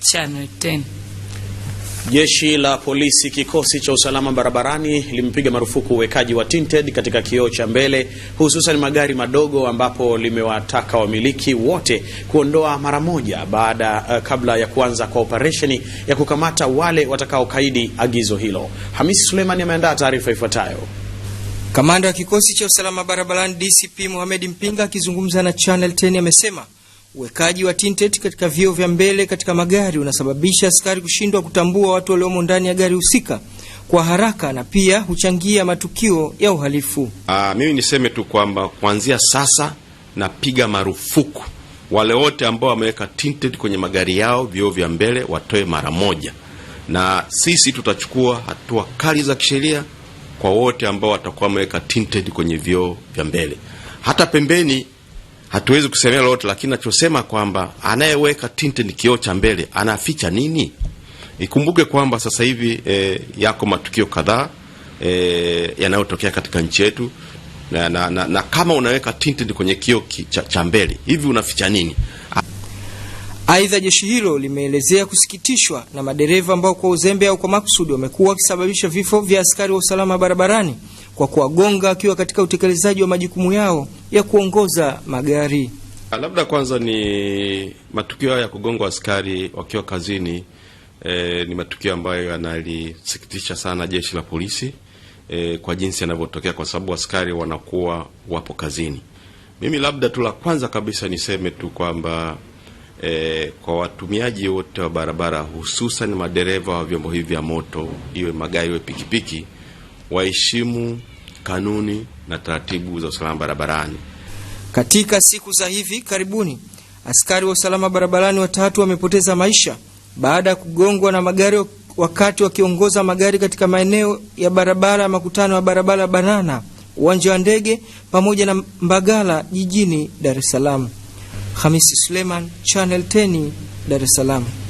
Channel 10. Jeshi la polisi kikosi cha usalama barabarani limepiga marufuku uwekaji wa tinted katika kioo cha mbele hususan magari madogo, ambapo limewataka wamiliki wote kuondoa mara moja baada uh, kabla ya kuanza kwa operesheni ya kukamata wale watakaokaidi agizo hilo. Hamisi Suleimani ameandaa taarifa ifuatayo. Kamanda wa kikosi cha usalama barabarani DCP Mohamed Mpinga akizungumza na Channel 10 amesema Uwekaji wa tinted katika vioo vya mbele katika magari unasababisha askari kushindwa kutambua watu waliomo ndani ya gari husika kwa haraka na pia huchangia matukio ya uhalifu. Aa, ah, mimi niseme tu kwamba kuanzia sasa napiga marufuku wale wote ambao wameweka tinted kwenye magari yao vioo vya mbele watoe mara moja, na sisi tutachukua hatua kali za kisheria kwa wote ambao watakuwa wameweka tinted kwenye vioo vya mbele hata pembeni hatuwezi kusemea lolote, lakini nachosema kwamba anayeweka tinte ni kioo cha mbele, anaficha nini? Ikumbuke kwamba sasa hivi e, yako matukio kadhaa e, yanayotokea katika nchi yetu na, na, na, na kama unaweka tinte ni kwenye kioo cha mbele, hivi unaficha nini? Aidha, jeshi hilo limeelezea kusikitishwa na madereva ambao kwa uzembe au kwa makusudi wamekuwa wakisababisha vifo vya askari wa usalama barabarani kwa kuwagonga akiwa katika utekelezaji wa majukumu yao ya kuongoza magari. Labda kwanza ni matukio haya ya kugongwa askari wakiwa kazini. E, ni matukio ambayo yanalisikitisha sana jeshi la polisi e, kwa jinsi yanavyotokea, kwa sababu askari wanakuwa wapo kazini. Mimi labda tu la kwanza kabisa niseme tu kwamba e, kwa watumiaji wote wa barabara, hususan madereva wa vyombo hivi vya moto, iwe magari iwe pikipiki, waheshimu kanuni na taratibu za usalama barabarani. Katika siku za hivi karibuni, askari wa usalama barabarani watatu wamepoteza maisha baada ya kugongwa na magari wakati wakiongoza magari katika maeneo ya barabara ya makutano ya barabara Banana, uwanja wa ndege pamoja na Mbagala jijini Dar es Salaam. Hamisi Suleiman, Channel 10, Dar es Salaam.